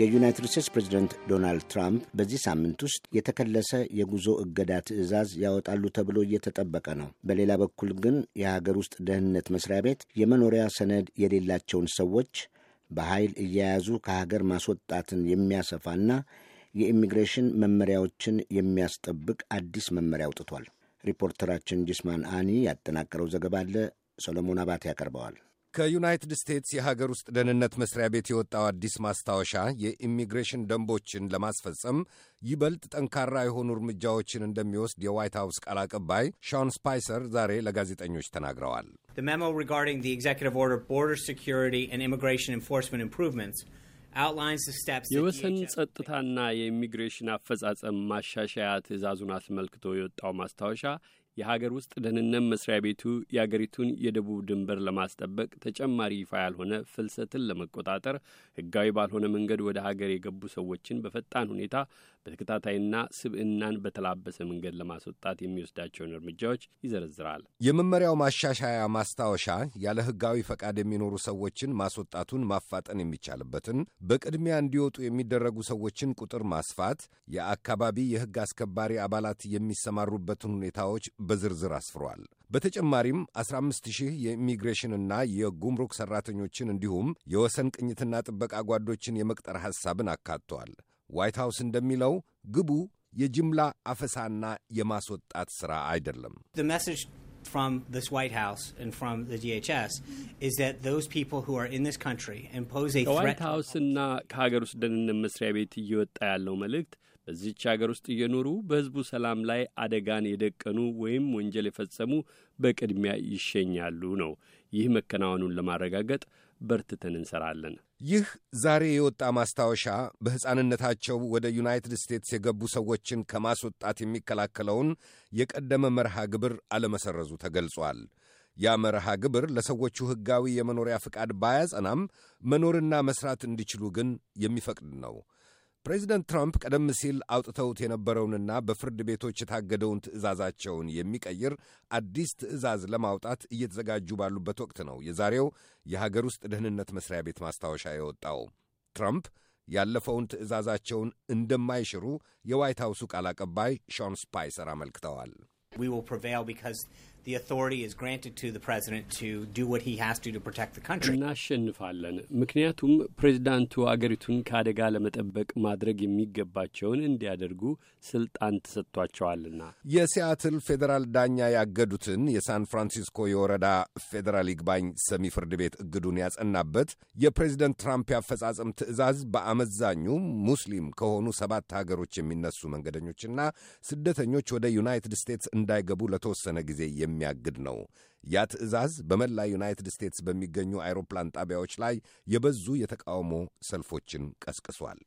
የዩናይትድ ስቴትስ ፕሬዚደንት ዶናልድ ትራምፕ በዚህ ሳምንት ውስጥ የተከለሰ የጉዞ እገዳ ትዕዛዝ ያወጣሉ ተብሎ እየተጠበቀ ነው። በሌላ በኩል ግን የሀገር ውስጥ ደህንነት መስሪያ ቤት የመኖሪያ ሰነድ የሌላቸውን ሰዎች በኃይል እየያዙ ከሀገር ማስወጣትን የሚያሰፋና የኢሚግሬሽን መመሪያዎችን የሚያስጠብቅ አዲስ መመሪያ አውጥቷል። ሪፖርተራችን ጂስማን አኒ ያጠናቀረው ዘገባ አለ ሰሎሞን አባቴ ያቀርበዋል። ከዩናይትድ ስቴትስ የሀገር ውስጥ ደህንነት መስሪያ ቤት የወጣው አዲስ ማስታወሻ የኢሚግሬሽን ደንቦችን ለማስፈጸም ይበልጥ ጠንካራ የሆኑ እርምጃዎችን እንደሚወስድ የዋይት ሀውስ ቃል አቀባይ ሾን ስፓይሰር ዛሬ ለጋዜጠኞች ተናግረዋል። የወሰን ጸጥታና የኢሚግሬሽን አፈጻጸም ማሻሻያ ትዕዛዙን አስመልክቶ የወጣው ማስታወሻ የሀገር ውስጥ ደህንነት መስሪያ ቤቱ የአገሪቱን የደቡብ ድንበር ለማስጠበቅ ተጨማሪ ይፋ ያልሆነ ፍልሰትን ለመቆጣጠር ህጋዊ ባልሆነ መንገድ ወደ ሀገር የገቡ ሰዎችን በፈጣን ሁኔታ በተከታታይና ስብዕናን በተላበሰ መንገድ ለማስወጣት የሚወስዳቸውን እርምጃዎች ይዘረዝራል። የመመሪያው ማሻሻያ ማስታወሻ ያለ ህጋዊ ፈቃድ የሚኖሩ ሰዎችን ማስወጣቱን ማፋጠን የሚቻልበትን፣ በቅድሚያ እንዲወጡ የሚደረጉ ሰዎችን ቁጥር ማስፋት፣ የአካባቢ የህግ አስከባሪ አባላት የሚሰማሩበትን ሁኔታዎች በዝርዝር አስፍሯል። በተጨማሪም 15 የኢሚግሬሽንና የጉምሩክ ሠራተኞችን እንዲሁም የወሰን ቅኝትና ጥበቃ ጓዶችን የመቅጠር ሐሳብን አካቷል። ዋይት ሃውስ እንደሚለው ግቡ የጅምላ አፈሳና የማስወጣት ሥራ አይደለም። from this White House and from the DHS is that those people who are in this country impose a threat ከዋይት ሀውስና ከሀገር ውስጥ ደህንነት መስሪያ ቤት እየወጣ ያለው መልእክት በዚች አገር ውስጥ እየኖሩ በሕዝቡ ሰላም ላይ አደጋን የደቀኑ ወይም ወንጀል የፈጸሙ በቅድሚያ ይሸኛሉ ነው። ይህ መከናወኑን ለማረጋገጥ በርትተን እንሰራለን። ይህ ዛሬ የወጣ ማስታወሻ በሕፃንነታቸው ወደ ዩናይትድ ስቴትስ የገቡ ሰዎችን ከማስወጣት የሚከላከለውን የቀደመ መርሃ ግብር አለመሰረዙ ተገልጿል። ያ መርሃ ግብር ለሰዎቹ ሕጋዊ የመኖሪያ ፍቃድ ባያጸናም መኖርና መሥራት እንዲችሉ ግን የሚፈቅድ ነው። ፕሬዚደንት ትራምፕ ቀደም ሲል አውጥተውት የነበረውንና በፍርድ ቤቶች የታገደውን ትዕዛዛቸውን የሚቀይር አዲስ ትዕዛዝ ለማውጣት እየተዘጋጁ ባሉበት ወቅት ነው የዛሬው የሀገር ውስጥ ደህንነት መስሪያ ቤት ማስታወሻ የወጣው። ትራምፕ ያለፈውን ትዕዛዛቸውን እንደማይሽሩ የዋይት ሀውሱ ቃል አቀባይ ሾን ስፓይሰር አመልክተዋል። the authority is granted to the president to do what he has to to protect the country. እናሸንፋለን ምክንያቱም ፕሬዚዳንቱ አገሪቱን ከአደጋ ለመጠበቅ ማድረግ የሚገባቸውን እንዲያደርጉ ስልጣን ተሰጥቷቸዋልና። የሲያትል ፌዴራል ዳኛ ያገዱትን የሳን ፍራንሲስኮ የወረዳ ፌዴራል ይግባኝ ሰሚ ፍርድ ቤት እግዱን ያጸናበት የፕሬዚደንት ትራምፕ ያፈጻጸም ትዕዛዝ በአመዛኙ ሙስሊም ከሆኑ ሰባት ሀገሮች የሚነሱ መንገደኞችና ስደተኞች ወደ ዩናይትድ ስቴትስ እንዳይገቡ ለተወሰነ ጊዜ የሚያግድ ነው። ያ ትዕዛዝ በመላ ዩናይትድ ስቴትስ በሚገኙ አይሮፕላን ጣቢያዎች ላይ የበዙ የተቃውሞ ሰልፎችን ቀስቅሷል።